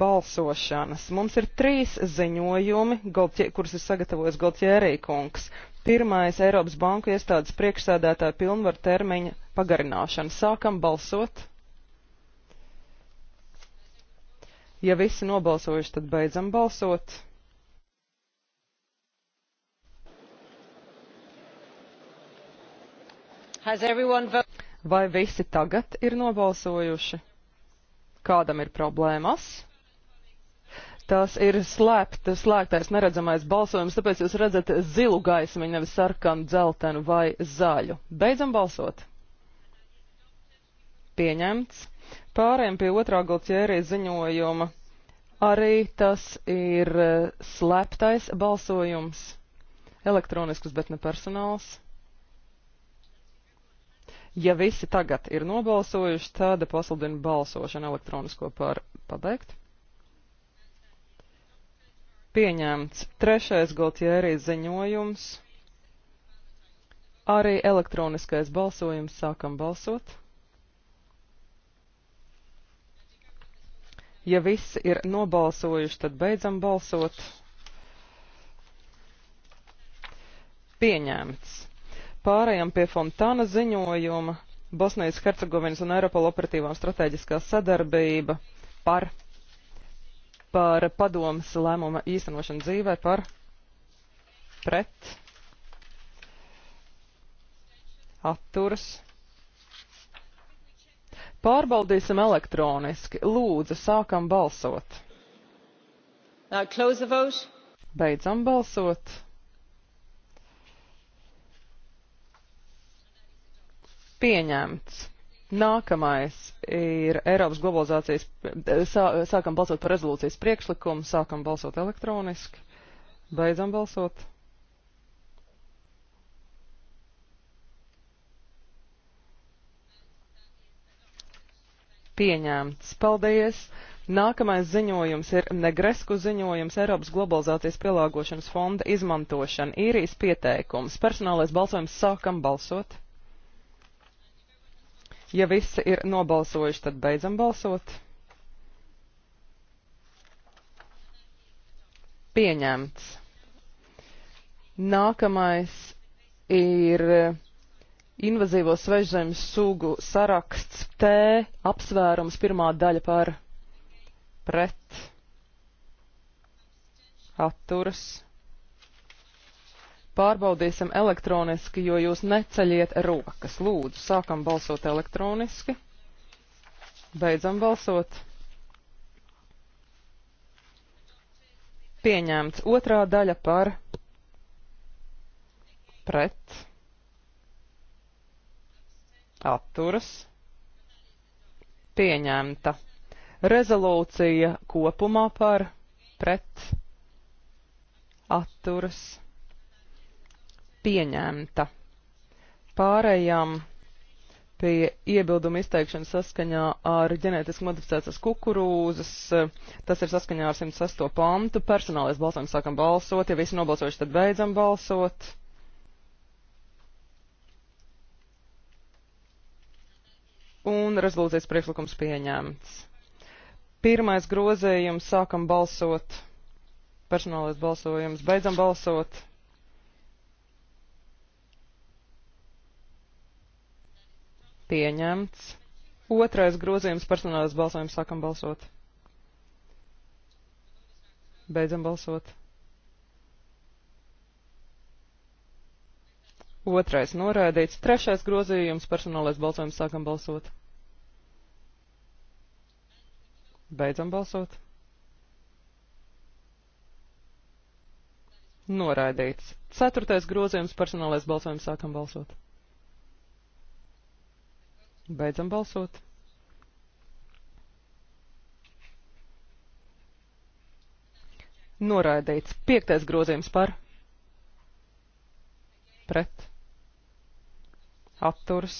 balsošanas. Mums ir trīs ziņojumi, Goltje, kurus ir sagatavojis Galtjērī kungs. Pirmais - Eiropas Banku iestādes priekšsēdētāja pilnvaru termiņa pagarināšana. Sākam balsot. Ja visi nobalsojuši, tad beidzam balsot. Vai visi tagad ir nobalsojuši? Kādam ir problēmas? Tas ir slēpt, slēgtais neredzamais balsojums, tāpēc jūs redzat zilu gaismiņu, nevis sarkanu, dzeltenu vai zaļu. Beidzam balsot. Pieņemts. Pārējiem pie otrā galķērī ziņojuma. Arī tas ir e, slēptais balsojums. Elektronisks, bet ne personāls. Ja visi tagad ir nobalsojuši, tad pasludinu balsošanu elektronisko par pabeigt. Pieņemts. Trešais Goltjērijas ziņojums. Arī elektroniskais balsojums. Sākam balsot. Ja visi ir nobalsojuši, tad beidzam balsot. Pieņemts. Pārējām pie Fontāna ziņojuma Bosnijas Hercegovinas un Eiropola operatīvā un strateģiskā sadarbība par par padomas lēmuma īstenošanu dzīvē par pret atturas. Pārbaudīsim elektroniski. Lūdzu, sākam balsot. Uh, Beidzam balsot. Pieņemts. Nākamais ir Eiropas globalizācijas, sā, sākam balsot par rezolūcijas priekšlikumu, sākam balsot elektroniski, beidzam balsot. Pieņēmts. Paldies! Nākamais ziņojums ir Negresku ziņojums Eiropas globalizācijas pielāgošanas fonda izmantošana. Īrijas pieteikums. Personālais balsojums sākam balsot. Ja visi ir nobalsojuši, tad beidzam balsot. Pieņemts. Nākamais ir invazīvo svežzemes sugu saraksts T apsvērums pirmā daļa par pret atturas Pārbaudīsim elektroniski, jo jūs neceļiet rokas. Lūdzu, sākam balsot elektroniski. Beidzam balsot. Pieņemts otrā daļa par pret atturas pieņemta. Rezolūcija kopumā par pret atturas pieņemta. Pārējām pie iebildumu izteikšanas saskaņā ar ģenētiski modificētas kukurūzas. Tas ir saskaņā ar 106. pantu. Personālais balsojums sākam balsot. Ja visi nobalsojuši, tad beidzam balsot. Un rezolūcijas priekšlikums pieņemts. Pirmais grozējums sākam balsot. Personālais balsojums. Beidzam balsot. pieņemts. Otrais grozījums personālais balsojums sākam balsot. Beidzam balsot. Otrais noraidīts. Trešais grozījums personālais balsojums sākam balsot. Beidzam balsot. Noraidīts. Ceturtais grozījums personālais balsojums sākam balsot. Beidzam balsot. Noraidīts. Piektais grozījums par. Pret. Atturs.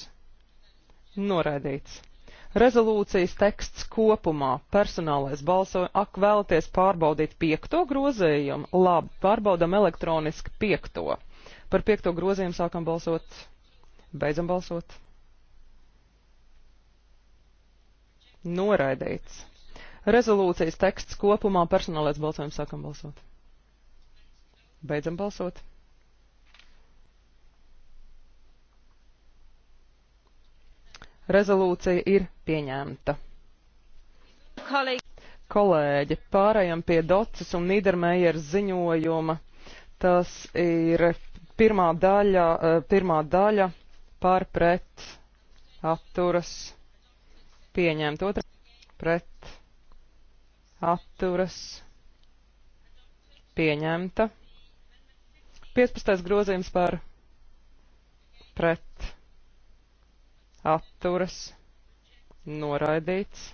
Noraidīts. Rezolūcijas teksts kopumā personālais balsoja, ak vēlaties pārbaudīt piekto grozījumu. Labi, pārbaudam elektroniski piekto. Par piekto grozījumu sākam balsot. Beidzam balsot. Noraidīts. Rezolūcijas teksts kopumā personālais balsojums sākam balsot. Beidzam balsot. Rezolūcija ir pieņemta. Kolēģi, pārējām pie Docis un Nīdermējers ziņojuma. Tas ir pirmā daļa, eh, pirmā daļa pārpret atturas pieņemt, otra pret atturas pieņemta. 15. grozījums par pret atturas noraidīts.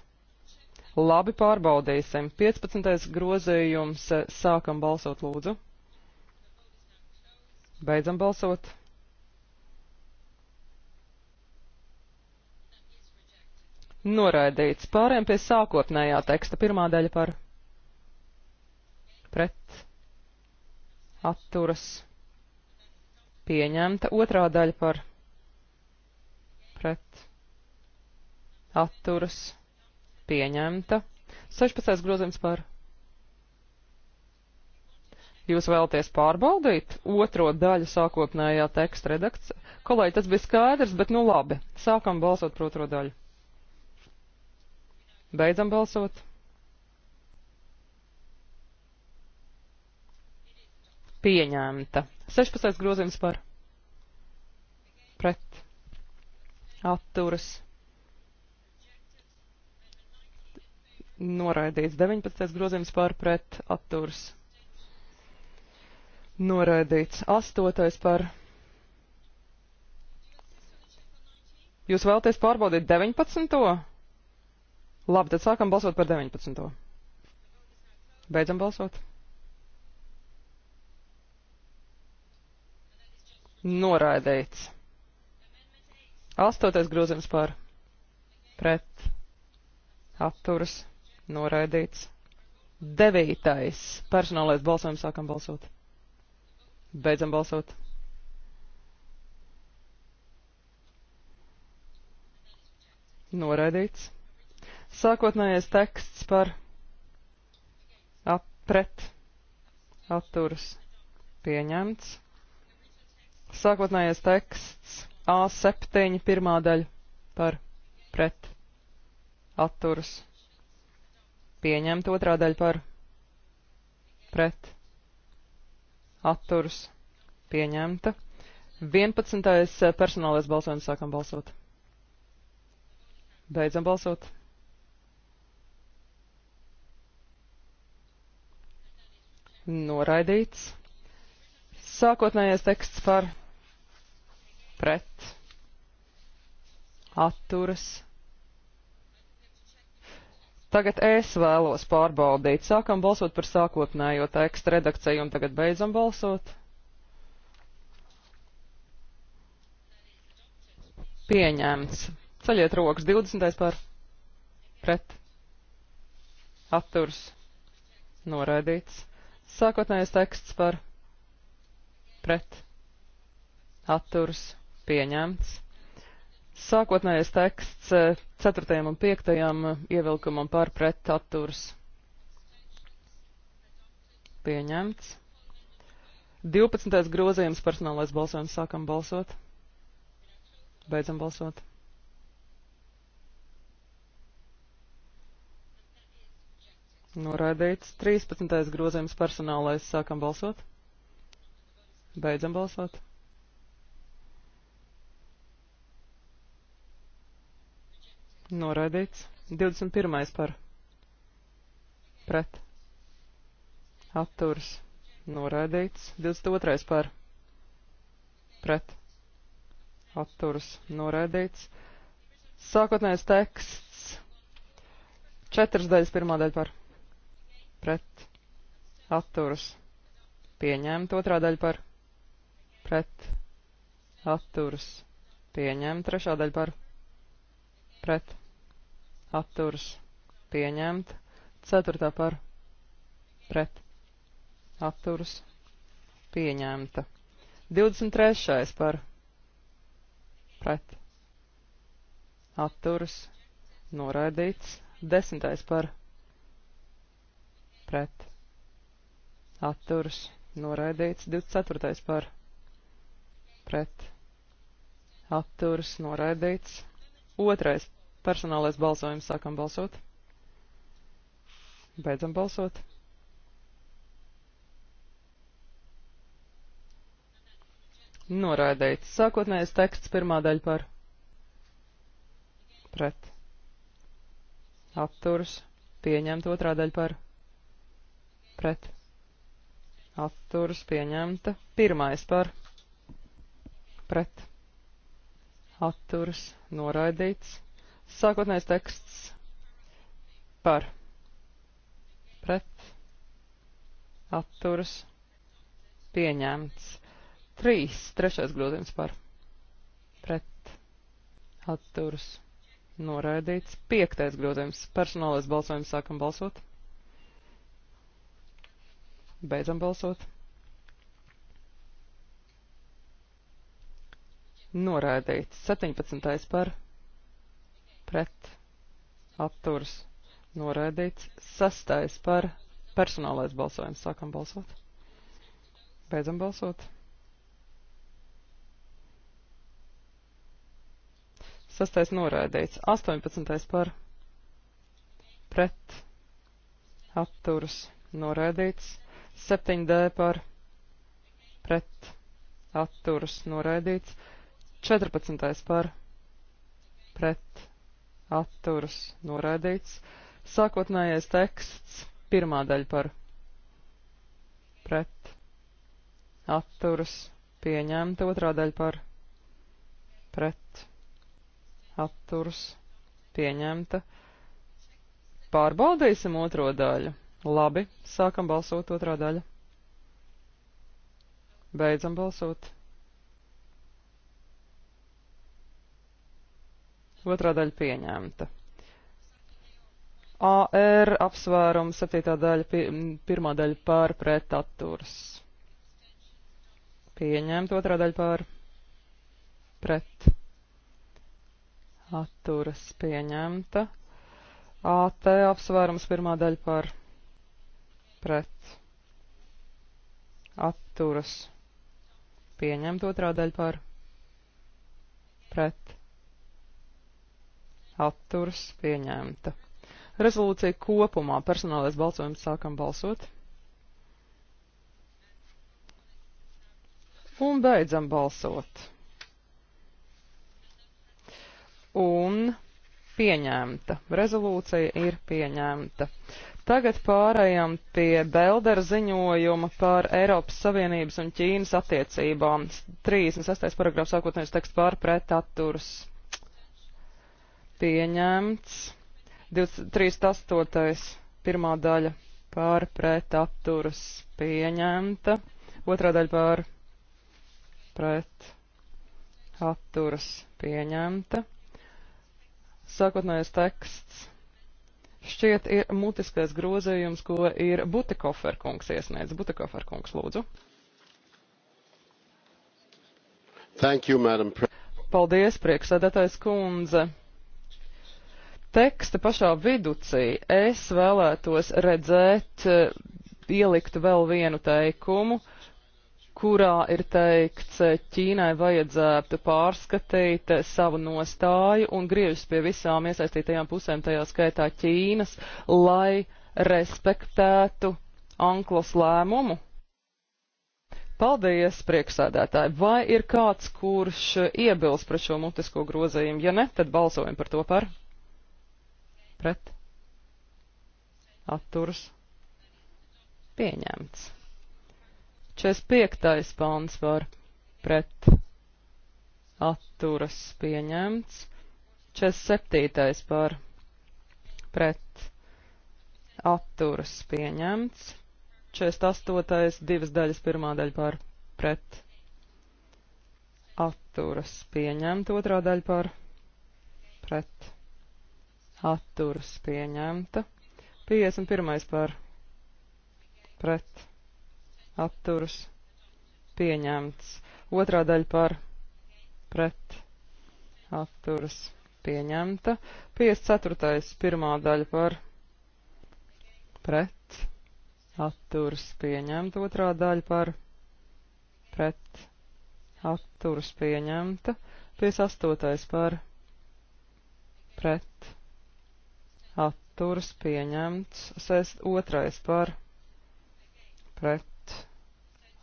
Labi pārbaudīsim. 15. grozījums sākam balsot lūdzu. Beidzam balsot. noraidīts. Pāriem pie sākotnējā teksta. Pirmā daļa par pret atturas pieņemta. Otrā daļa par pret atturas pieņemta. 16. grozījums par. Jūs vēlaties pārbaudīt otro daļu sākotnējā teksta redakcija? Kolēģi, tas bija skaidrs, bet nu labi. Sākam balsot par otro daļu. Beidzam balsot. Pieņemta. 16. grozījums par pret atturas. Noraidīts 19. grozījums par pret atturas. Noraidīts 8. par. Jūs vēlaties pārbaudīt 19. Labi, tad sākam balsot par 19. Beidzam balsot. Noraidīts. Astotais grozījums par pret atturas noraidīts. Devītais personālais balsojums sākam balsot. Beidzam balsot. Noraidīts. Sākotnējais teksts par ap, pret atturas pieņemts. Sākotnējais teksts A7 pirmā daļa par pret atturas pieņemt otrā daļa par pret atturas pieņemta. 11. personālais balsojums sākam balsot. Beidzam balsot. noraidīts. Sākotnējais teksts par pret, atturas. Tagad es vēlos pārbaudīt. Sākam balsot par sākotnējo tekstu redakciju un tagad beidzam balsot. Pieņemts. Ceļiet rokas 20. par pret. Atturs. Noraidīts. Sākotnējais teksts par pret atturs pieņemts. Sākotnējais teksts 4. Eh, un 5. Eh, ievilkumam par pret atturs pieņemts. 12. grozījums personālais balsojums sākam balsot. Beidzam balsot. Noraidīts. 13. grozījums personālais. Sākam balsot. Beidzam balsot. Noraidīts. 21. par. Pret. Atturs. Noraidīts. 22. par. Pret. Atturs. Noraidīts. Sākotnējais teksts. Četras daļas pirmā daļa par pret, atturas, pieņemt, otrā daļa par, pret, atturas, pieņemt, trešā daļa par, pret, atturas, pieņemt, ceturtā par, pret, atturas, pieņemta. 23. par, pret, atturas, noraidīts, 10. par, pret atturas noraidīts 24. par pret atturas noraidīts. Otrais personālais balsojums sākam balsot. Beidzam balsot. Noraidīts. Sākotnējais teksts pirmā daļa par pret. Atturs. Pieņemt otrā daļa par pret pret atturas pieņemta. Pirmais par pret atturas noraidīts. Sākotnējais teksts par pret atturas pieņemts. Trīs, trešais grozījums par pret atturas noraidīts. Piektais grozījums personālais balsojums sākam balsot. Beidzam balsot. Noraidīts. 17. par pret atturs. Noraidīts. 6. par personālais balsojums. Sākam balsot. Beidzam balsot. Sastais noraidīts. 18. par pret atturs. Noraidīts. 7D par pret atturas noraidīts, 14. par pret atturas noraidīts, sākotnējais teksts pirmā daļa par pret atturas pieņemta, otrā daļa par pret atturas pieņemta. Pārbaudīsim otro daļu. Labi, sākam balsot otrā daļa. Beidzam balsot. Otrā daļa pieņemta. AR apsvērums, septītā daļa, pi, pirmā daļa pār pret atturs. Pieņemt otrā daļa pār pret atturas pieņemta. AT apsvērums pirmā daļa pār pret atturas pieņemt otrā daļa par pret atturas pieņemta. Rezolūcija kopumā personālais balsojums sākam balsot. Un beidzam balsot. Un pieņemta. Rezolūcija ir pieņemta. Tagad pārējām pie Beldera ziņojuma par Eiropas Savienības un Ķīnas attiecībām. 36. paragrāfs sākotnējais teksts pārpret atturas pieņemts. 238. pirmā daļa pārpret atturas pieņemta. Otrā daļa pārpret atturas pieņemta. Sākotnējais teksts šķiet ir mutiskais grozījums, ko ir Butikoferkungs iesniedz. Butikoferkungs, lūdzu. Thank you, madam. Paldies, priekšsēdētājs kundze. Teksta pašā viducī es vēlētos redzēt, ielikt vēl vienu teikumu, uh, kurā ir teikts, Ķīnai vajadzētu pārskatīt savu nostāju un griežas pie visām iesaistītajām pusēm, tajā skaitā Ķīnas, lai respektētu Anklas lēmumu. Paldies, priekšsēdētāji! Vai ir kāds, kurš iebils pret šo mutisko grozījumu? Ja ne, tad balsojam par to par. Pret. Atturs. Pieņemts. 45. pāns var pret atturas pieņemts, 47. par pret atturas pieņemts, 48. divas daļas pirmā daļa par pret atturas pieņemt, otrā daļa par pret atturas pieņemta, 51. par pret atturas pieņemta atturas pieņemts. Otrā daļa par pret atturas pieņemta. 54. pirmā daļa par pret atturas pieņemta. Otrā daļa par pret atturas pieņemta. 58. par pret atturas pieņemts. 2. par pret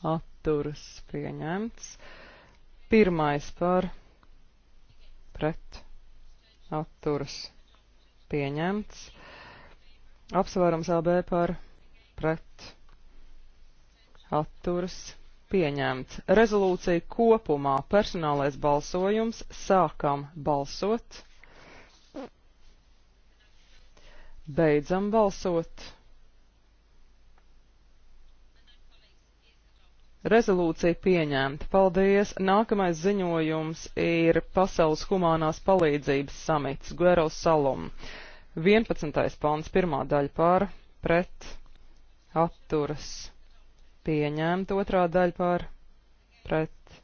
atturas pieņemts. Pirmais par pret atturas pieņemts. Apsvērums AB par pret atturas pieņemts. Rezolūcija kopumā personālais balsojums sākam balsot. Beidzam balsot. Rezolūcija pieņemta. Paldies! Nākamais ziņojums ir Pasaules humanās palīdzības samits Guero Salum. 11. pāns, pirmā daļa pār, pret, atturas, pieņemt, otrā daļa pār, pret,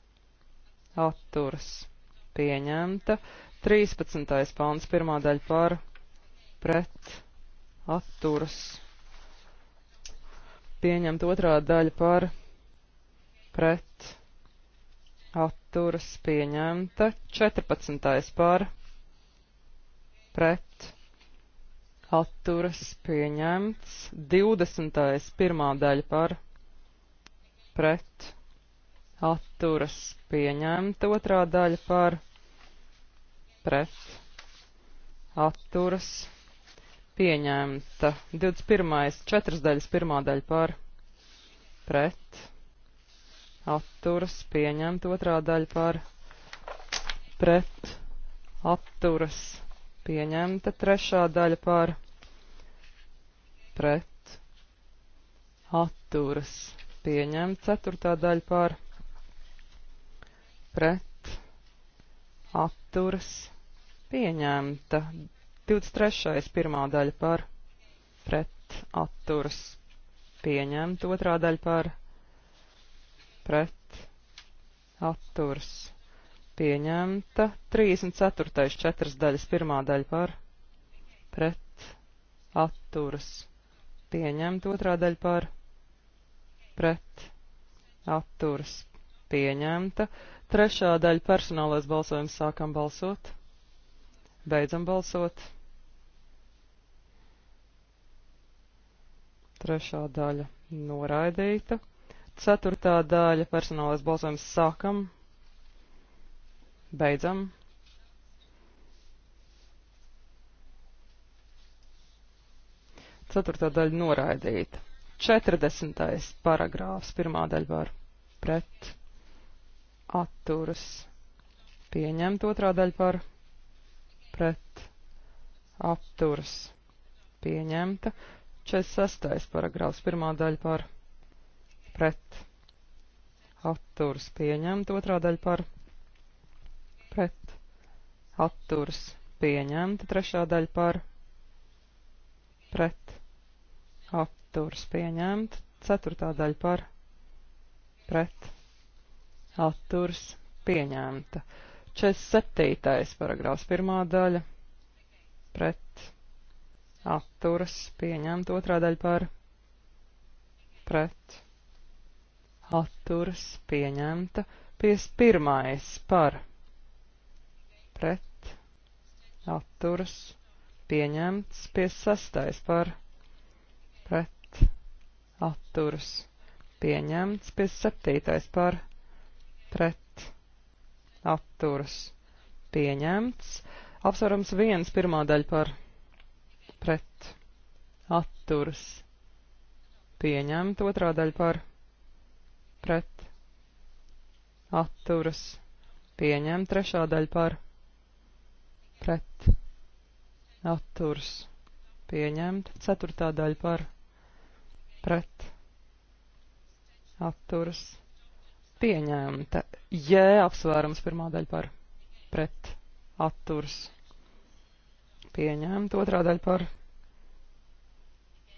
atturas, pieņemta, 13. pāns, pirmā daļa pār, pret, atturas, pieņemt, otrā daļa pār, pret, pret atturas pieņemta, 14. par pret atturas pieņemts, 20. pirmā daļa par pret atturas pieņemta, otrā daļa par pret atturas pieņemta, 21. četras daļas pirmā daļa par pret atturas pieņemt, otrā daļa par pret atturas pieņemta, trešā daļa par pret atturas pieņemta, ceturtā daļa par pret atturas pieņemta, 23. pirmā daļa par pret atturas pieņemta, otrā daļa par pret pret atturs pieņemta. 34. četras daļas pirmā daļa par pret atturs pieņemta. Otrā daļa par pret atturs pieņemta. Trešā daļa personālais balsojums sākam balsot. Beidzam balsot. Trešā daļa noraidīta. Ceturtā daļa personālais balsojums sākam, beidzam. Ceturtā daļa noraidīta. 40. paragrāfs, pirmā daļa var pret, atturas, pieņemt, otrā daļa par pret, atturas, pieņemta, 46. paragrāfs, pirmā daļa par pret pret atturs pieņemt, otrā daļa par pret atturs pieņemt, trešā daļa par pret atturs pieņemt, ceturtā daļa par pret atturs pieņemta. 47. paragrāfs pirmā daļa pret atturas pieņemt, otrā daļa par pret atturas pieņemta, 51. par pret atturas pieņemts, 56. par pret atturas pieņemts, 57. par pret atturas pieņemts, apsvarams 1. pirmā daļa par pret atturas pieņemt, otrā daļa par pret pret atturas pieņem trešā daļa par pret atturas pieņemt ceturtā daļa par pret atturas pieņemta. Jē, apsvērums pirmā daļa par pret atturs. Pieņemta otrā daļa par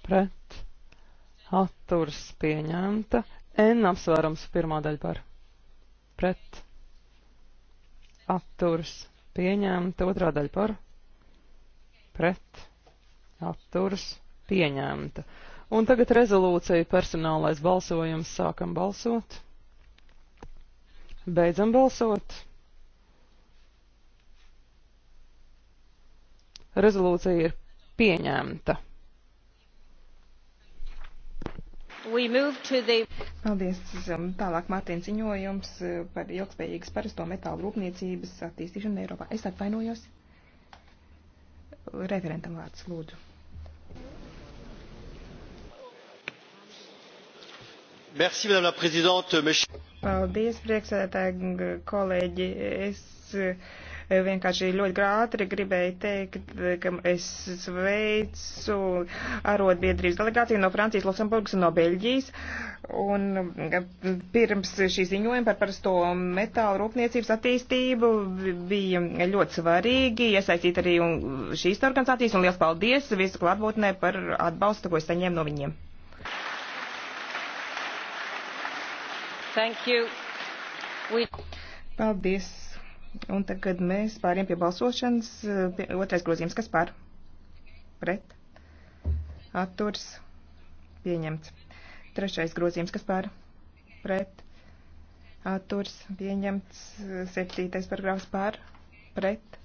pret atturs pieņemta. N apsvērums pirmā daļa par pret atturs pieņemta, otrā daļa par pret atturs pieņemta. Un tagad rezolūcija personālais balsojums sākam balsot. Beidzam balsot. Rezolūcija ir pieņemta. The... Paldies. Um, tālāk Mārtiņa ziņojums uh, par ilgspējīgas parasto metālu rūpniecības attīstīšanu Eiropā. Es atvainojos. Referentam vārds, lūdzu. Merci, madame la présidente. Paldies, priekšsēdētāji, kolēģi. Es vienkārši ļoti grātri gribēju teikt, ka es sveicu arotbiedrības delegāciju no Francijas, Luksemburgas un no Beļģijas. Un e, pirms šī ziņojuma par parasto metālu rūpniecības attīstību bija ļoti svarīgi iesaistīt arī šīs organizācijas. Un liels paldies visu klātbūtnē par atbalstu, ko es saņēmu no viņiem. Thank you. We... Paldies. Un tagad mēs pāriem pie balsošanas. Eh, pie, otrais grozījums, kas par? Pret. Atturs. Pieņemts. Trešais grozījums, kas par? Pret. Atturs. Pieņemts. Septītais paragrāfs par? Pret.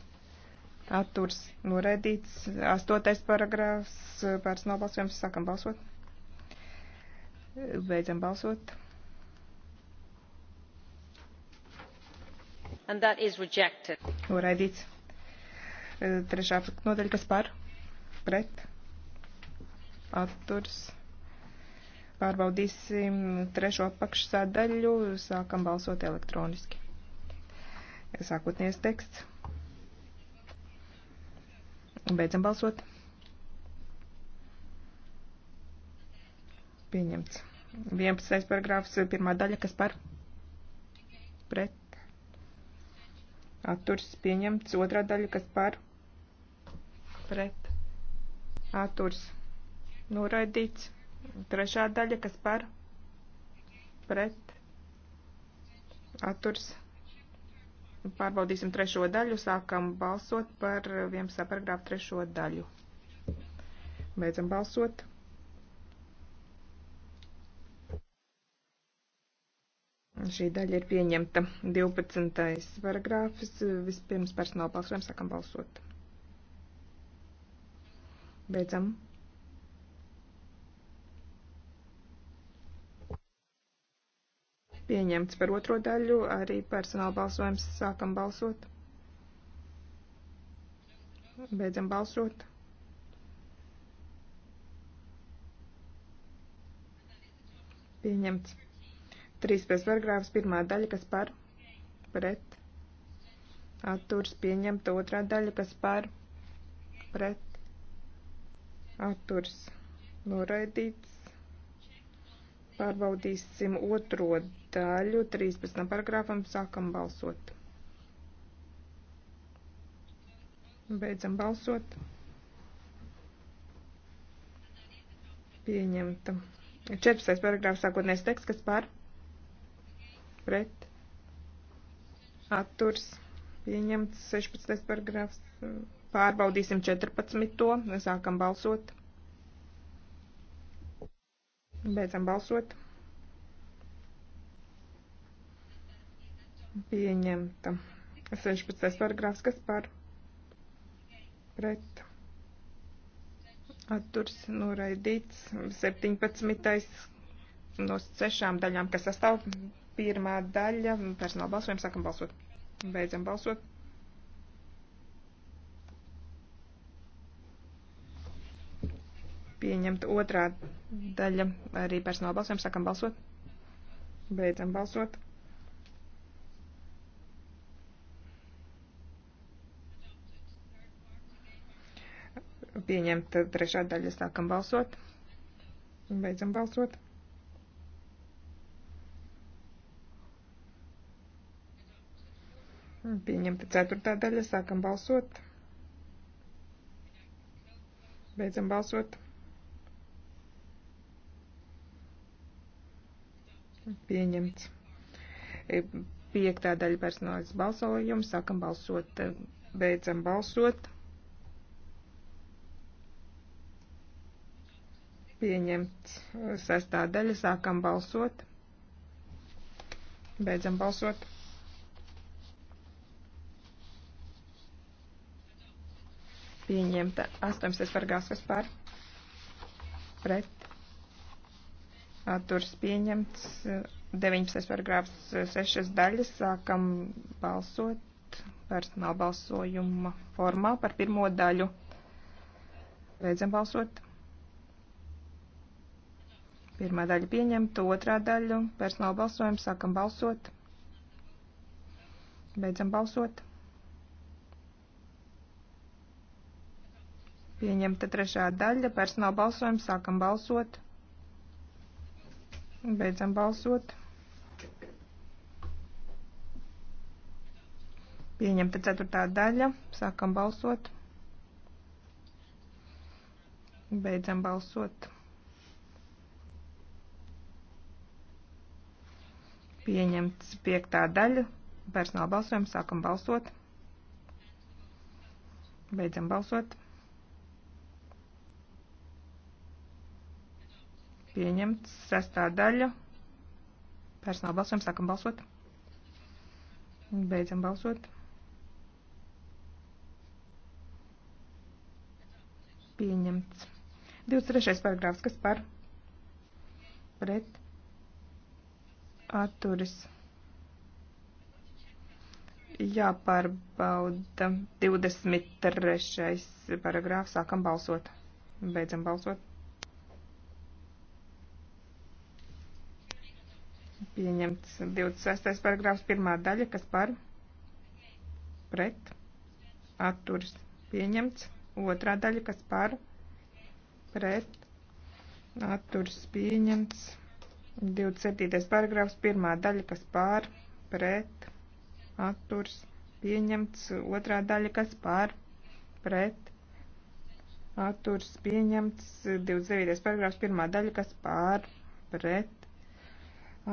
Atturs. Noraidīts. Astotais paragrāfs. Pāris nobalsojums. Sākam balsot. Beidzam balsot. and that is rejected. Noraidīts. E, trešā nodaļa, kas par, pret, atturs. Pārbaudīsim trešo apakšsādaļu, sākam balsot elektroniski. E, Sākotnies teksts. Beidzam balsot. Pieņemts. 11. paragrāfs, pirmā daļa, kas par pret atturs pieņemts, otrā daļa, kas par pret atturs noraidīts, trešā daļa, kas par pret atturs. Pārbaudīsim trešo daļu, sākam balsot par vienu sapargrāfu trešo daļu. Beidzam balsot. Šī daļa ir pieņemta. 12. paragrāfs. Vispirms personāla balsojam, sākam balsot. Beidzam. Pieņemts par otro daļu, arī personāla balsojums sākam balsot. Beidzam balsot. Pieņemts. 13. paragrāfs, pirmā daļa, kas par pret atturs pieņemta, otrā daļa, kas par pret atturs noraidīts. Pārbaudīsim otro daļu, 13. paragrāfam sākam balsot. Beidzam balsot. Pieņemta. 14. paragrāfs sākotnēs teksts, kas par pret atturs pieņemts 16. paragrāfs. Pārbaudīsim 14. To. Sākam balsot. Beidzam balsot. Pieņemta 16. paragrāfs, kas par pret atturs noraidīts 17. no sešām daļām, kas sastāv Pirmā daļa - personāla balsojums. Sākam balsot. Beidzam balsot. Pieņemta otrā daļa - arī personāla balsojums. Sākam balsot. Beidzam balsot. Pieņemta trešā daļa - sākam balsot. Beidzam balsot. Pieņemta ceturtā daļa. Sākam balsot. Beidzam balsot. Pieņemts. E, piektā daļa personālais balsojums. Sākam balsot. Beidzam balsot. Pieņemts. Sestā daļa. Sākam balsot. Beidzam balsot. pieņemta 18. paragrāfs, kas par pret atturs pieņemts 19. paragrāfs 6 daļas. Sākam balsot personāla balsojuma formā par pirmo daļu. Beidzam balsot. Pirmā daļa pieņemta, otrā daļa personāla balsojuma. Sākam balsot. Beidzam balsot. Pieņemta trešā daļa. Personāla balsojums. Sākam balsot. Beidzam balsot. Pieņemta ceturtā daļa. Sākam balsot. Beidzam balsot. Pieņemts piektā daļa. Personāla balsojums. Sākam balsot. Beidzam balsot. Pieņemts sestā daļa. Personāla balsojums. Sākam balsot. Beidzam balsot. Pieņemts. 23. paragrāfs. Kas par? Pret. Atturis. Jāpārbauda. 23. paragrāfs. Sākam balsot. Beidzam balsot. pieņemts 26. paragrāfs pirmā daļa, kas par pret atturas pieņemts, otrā daļa, kas par pret atturas pieņemts, 27. paragrāfs pirmā daļa, kas par pret atturas pieņemts, otrā daļa, kas par pret atturas pieņemts, 29. paragrāfs pirmā daļa, kas par pret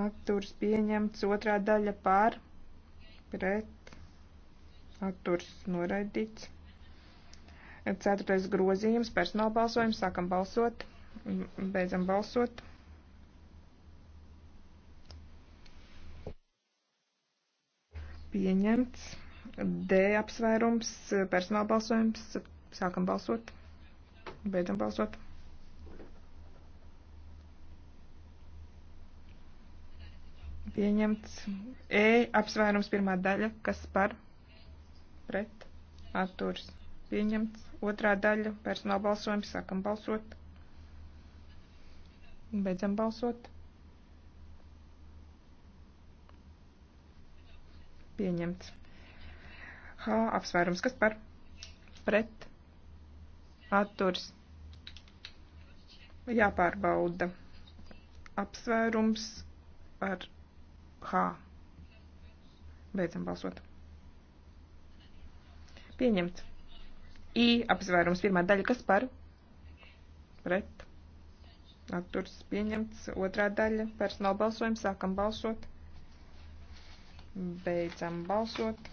atturs pieņemts, otrā daļa pār, pret, atturs noraidīts. Ceturtais grozījums, personāla balsojums, sākam balsot, beidzam balsot. Pieņemts. D apsvērums, personāla balsojums, sākam balsot, beidzam balsot. pieņemts. E apsvērums pirmā daļa, kas par pret atturs pieņemts. Otrā daļa, personāla balsojums, sākam balsot. Beidzam balsot. Pieņemts. H apsvērums, kas par pret atturs jāpārbauda apsvērums ar H. Beidzam balsot. Pieņemts. I apsvērums pirmā daļa, kas par? Pret. Atturs pieņemts. Otrā daļa, personāla balsojums, sākam balsot. Beidzam balsot.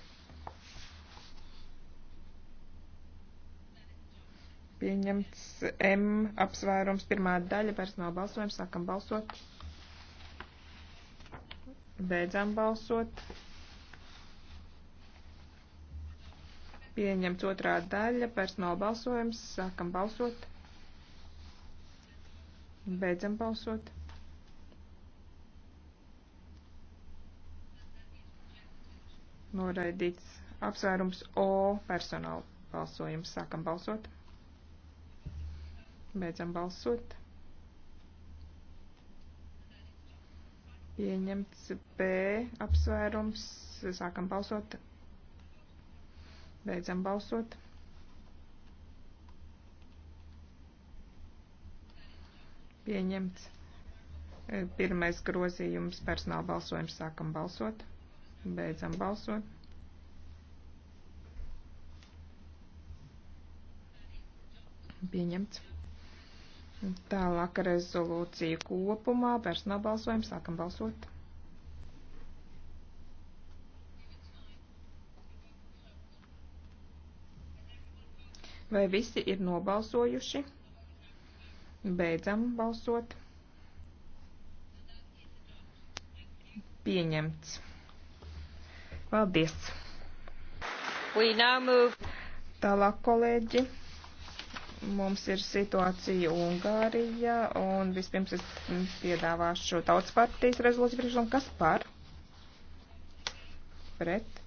Pieņemts M apsvērums pirmā daļa, personāla balsojums, sākam balsot. Beidzam balsot. Pieņemts otrā daļa, personāla balsojums, sākam balsot. Beidzam balsot. Noraidīts apsvērums O personāla balsojums, sākam balsot. Beidzam balsot. Pieņemts B apsvērums. Sākam balsot. Beidzam balsot. Pieņemts. Pirmais grozījums personāla balsojums sākam balsot. Beidzam balsot. Pieņemts. Tālāk rezolūcija kopumā, personāla balsojums, sākam balsot. Vai visi ir nobalsojuši? Beidzam balsot. Pieņemts. Paldies. Tālāk, kolēģi mums ir situācija Ungārijā, un vispirms es piedāvāšu tautas partijas rezolūciju priekšlikumu, kas par pret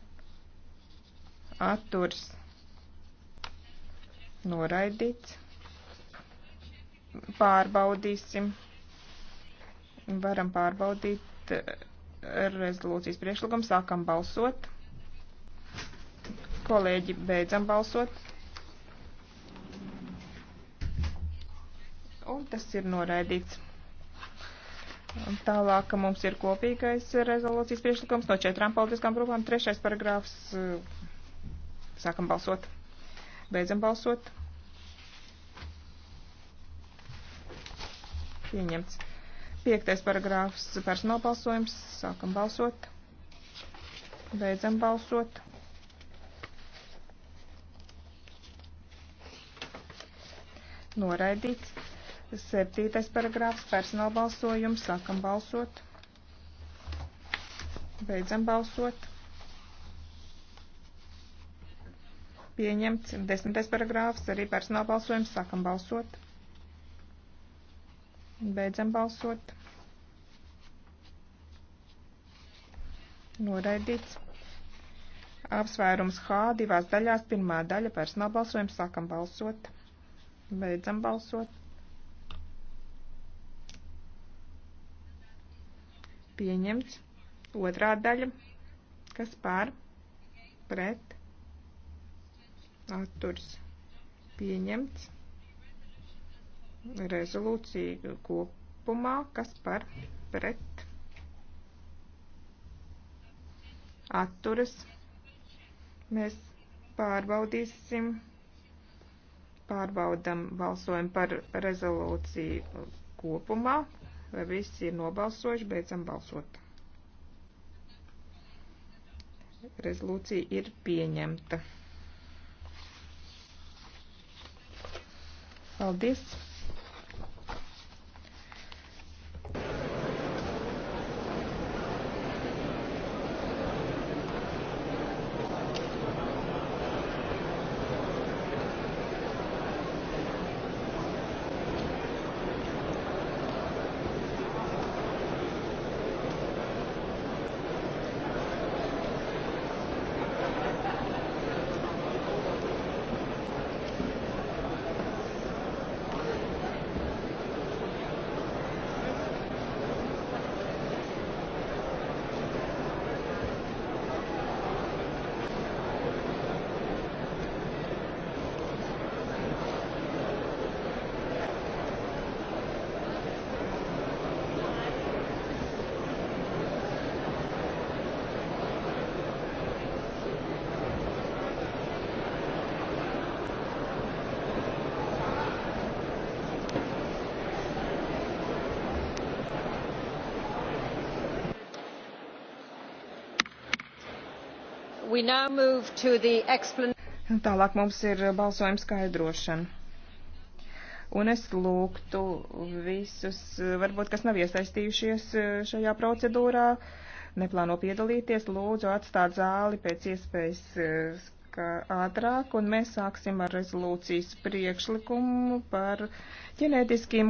atturs noraidīts. Pārbaudīsim. Varam pārbaudīt eh, rezolūcijas priekšlikumu. Sākam balsot. Kolēģi, beidzam balsot. Un tas ir noraidīts. Un tālāk mums ir kopīgais rezolūcijas priekšlikums no četrām politiskām grupām. Trešais paragrāfs. Eh, sākam balsot. Beidzam balsot. Pieņemts. Piektais paragrāfs personāla balsojums. Sākam balsot. Beidzam balsot. Noraidīts. Septītais paragrāfs personāla balsojums. Sākam balsot. Beidzam balsot. Pieņemts. Desmitais paragrāfs arī personāla balsojums. Sākam balsot. Beidzam balsot. Noraidīts. Apsvērums H divās daļās. Pirmā daļa personāla balsojums. Sākam balsot. Beidzam balsot. pieņemts. Otrā daļa, kas pār, pret, atturs, pieņemts. Rezolūcija kopumā, kas par, pret, atturas. Mēs pārbaudīsim, pārbaudam, balsojam par rezolūciju kopumā, Vai visi ir nobalsojuši? Beidzam balsot. Rezolūcija ir pieņemta. Paldies! Tālāk mums ir balsojuma skaidrošana. Un es lūgtu visus, varbūt, kas nav iesaistījušies eh, šajā procedūrā, neplāno piedalīties, lūdzu atstāt zāli pēc iespējas eh, ātrāk, un mēs sāksim ar rezolūcijas priekšlikumu par ģenētiskiem